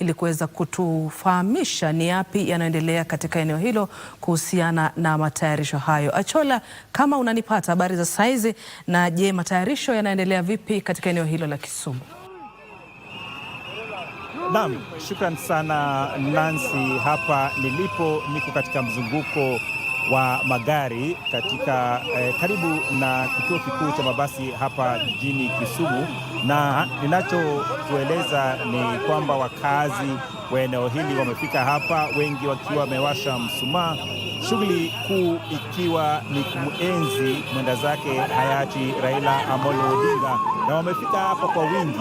ili kuweza kutufahamisha ni yapi yanayoendelea katika eneo hilo kuhusiana na matayarisho hayo. Achola, kama unanipata habari za saizi, na je, matayarisho yanaendelea vipi katika eneo hilo la Kisumu? Naam, shukran sana Nancy. Hapa nilipo niko katika mzunguko wa magari katika eh, karibu na kituo kikuu cha mabasi hapa jijini Kisumu, na ninachotueleza ni kwamba wakazi wa eneo hili wamefika hapa, wengi wakiwa wamewasha msumaa, shughuli kuu ikiwa ni kumuenzi mwenda zake hayati Raila Amolo Odinga, na wamefika hapa kwa wingi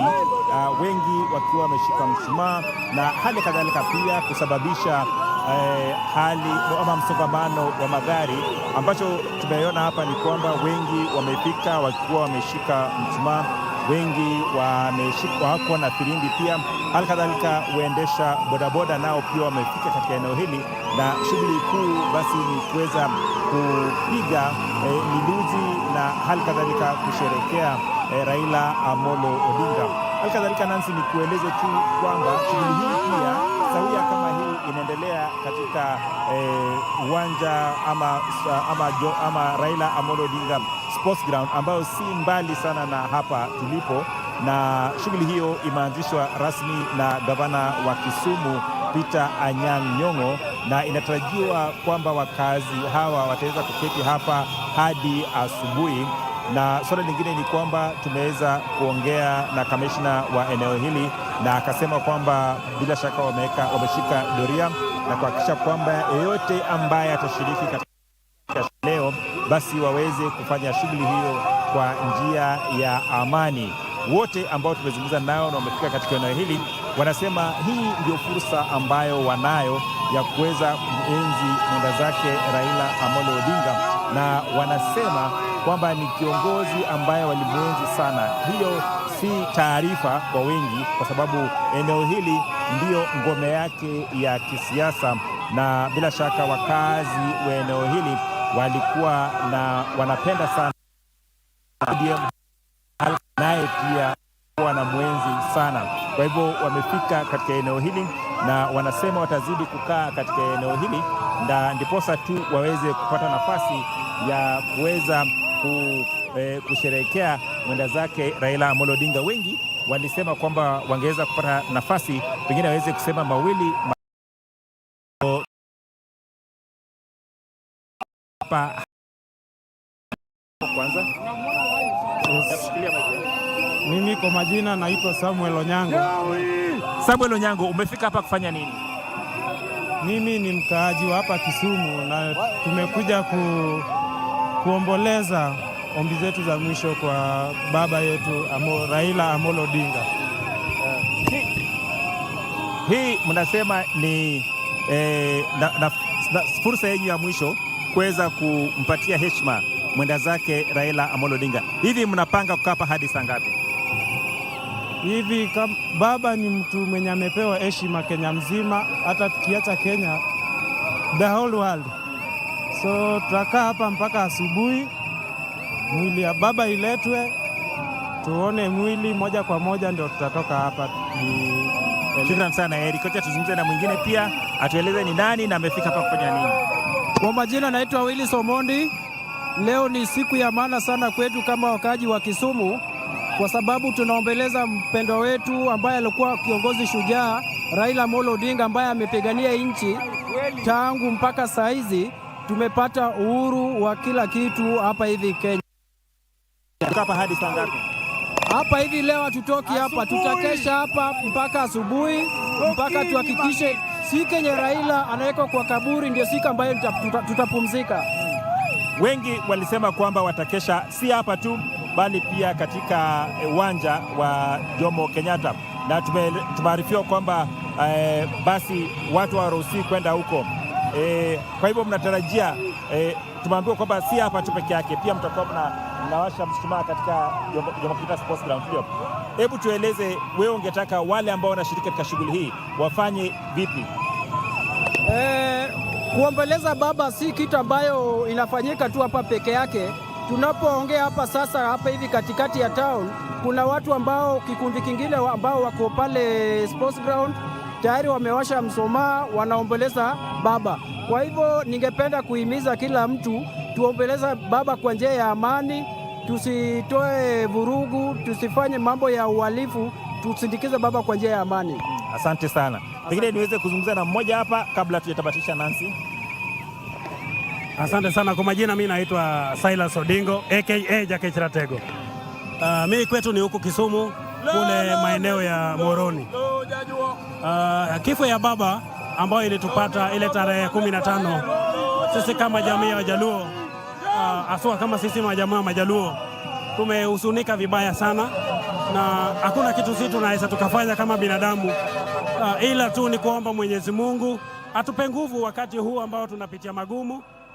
uh, wengi wakiwa wameshika msumaa na hali kadhalika pia kusababisha eh, hali ama msongamano wa magari. Ambacho tumeona hapa ni kwamba wengi wamefika wakiwa wameshika mshumaa, wengi wameshika hapo na firimbi pia. Halikadhalika waendesha bodaboda nao pia wamefika katika eneo hili, na shughuli kuu basi ni kuweza kupiga eh, miluzi na kadhalika kusherekea eh, Raila Amolo Odinga. kadhalika Nancy, ni kueleze tu kwamba shughuli hii pia sawia kama katika eh, uwanja eh, ama, ama, ama Raila Amolo Odinga Sports Ground ambayo si mbali sana na hapa tulipo, na shughuli hiyo imeanzishwa rasmi na gavana wa Kisumu Peter Anyang' Nyong'o, na inatarajiwa kwamba wakazi hawa wataweza kuketi hapa hadi asubuhi na suala lingine ni kwamba tumeweza kuongea na kamishna wa eneo hili na akasema kwamba bila shaka wameweka wameshika doria na kuhakikisha kwamba yeyote ambaye atashiriki katika leo basi waweze kufanya shughuli hiyo kwa njia ya amani. Wote ambao tumezungumza nao na wamefika katika eneo hili wanasema hii ndio fursa ambayo wanayo ya kuweza kuenzi mwenda zake Raila Amolo Odinga, na wanasema kwamba ni kiongozi ambaye walimuenzi sana. Hiyo si taarifa kwa wengi, kwa sababu eneo hili ndiyo ngome yake ya kisiasa, na bila shaka wakazi wa eneo hili walikuwa na wanapenda sana naye pia mwenzi sana. Kwa hivyo wamefika katika eneo hili na wanasema watazidi kukaa katika eneo hili na ndiposa tu waweze kupata nafasi ya kuweza ku, eh, kusherehekea mwenda zake Raila Amolo Odinga. Wengi walisema kwamba wangeweza kupata nafasi pengine waweze kusema mawili hapa kwanza. Mimi kwa majina naitwa Samuel Onyango. Samuel Onyango, umefika hapa kufanya nini? Mimi ni mkaaji wa hapa Kisumu na tumekuja ku kuomboleza ombi zetu za mwisho kwa baba yetu Amo, Raila Amolo Odinga. Eh, hii mnasema ni eh, na, na, na, fursa yenyu ya mwisho kuweza kumpatia heshima mwenda zake Raila Amolo Odinga. Hivi mnapanga kukapa hadi saa ngapi? Hivi kam, baba ni mtu mwenye amepewa heshima Kenya mzima, hata tukiacha Kenya, the whole world So tutakaa hapa mpaka asubuhi, mwili ya baba iletwe tuone mwili moja kwa moja, ndio tutatoka hapa. Shukran sana Eric, kocha. Tuzungumze na mwingine pia atueleze ni nani na amefika hapa kufanya nini. Kwa majina naitwa Willis Omondi. Leo ni siku ya maana sana kwetu kama wakaaji wa Kisumu kwa sababu tunaombeleza mpendwa wetu ambaye alikuwa kiongozi shujaa Raila Amolo Odinga ambaye amepigania nchi tangu mpaka saa hizi tumepata uhuru wa kila kitu hapa hivi Kenya. Hapa hadi saa ngapi? Hapa hivi leo hatutoki hapa, tutakesha hapa mpaka asubuhi, mpaka tuhakikishe si Kenya Raila anawekwa kwa kaburi, ndio siku ambayo tutapumzika. Wengi walisema kwamba watakesha si hapa tu, bali pia katika eh, uwanja wa Jomo Kenyatta, na tumearifiwa kwamba eh, basi watu hawaruhusiwi kwenda huko. E, kwa hivyo mnatarajia e, tumeambiwa kwamba si hapa tu peke yake, pia mtakuwa mna, mnawasha mshumaa katika Jomo Kenyatta Sports Ground. Ndio, hebu tueleze wewe, ungetaka wale ambao wanashiriki katika shughuli hii wafanye vipi? E, kuombeleza baba si kitu ambayo inafanyika tu hapa peke yake. Tunapoongea hapa sasa, hapa hivi katikati ya town kuna watu ambao kikundi kingine ambao wako pale sports ground tayari wamewasha msomaa wanaomboleza baba. Kwa hivyo ningependa kuhimiza kila mtu tuomboleza baba kwa njia ya amani, tusitoe vurugu, tusifanye mambo ya uhalifu, tusindikize baba kwa njia ya amani. Asante sana. Pengine niweze kuzungumza na mmoja hapa kabla tujatabatisha. nansi asante sana kwa majina. Mi naitwa Silas Odingo aka Jake Chiratego. Uh, ah, mi kwetu ni huku Kisumu kule maeneo ya Moroni. Uh, ah, kifo ya baba ambayo ilitupata ile tarehe kumi na tano, sisi kama jamii ya Wajaluo uh, ah, aswa kama sisi majamaa ya Majaluo tumehusunika vibaya sana, na hakuna kitu sisi tunaweza tukafanya kama binadamu uh, ila tu ni kuomba Mwenyezi Mungu atupe nguvu wakati huu ambao tunapitia magumu.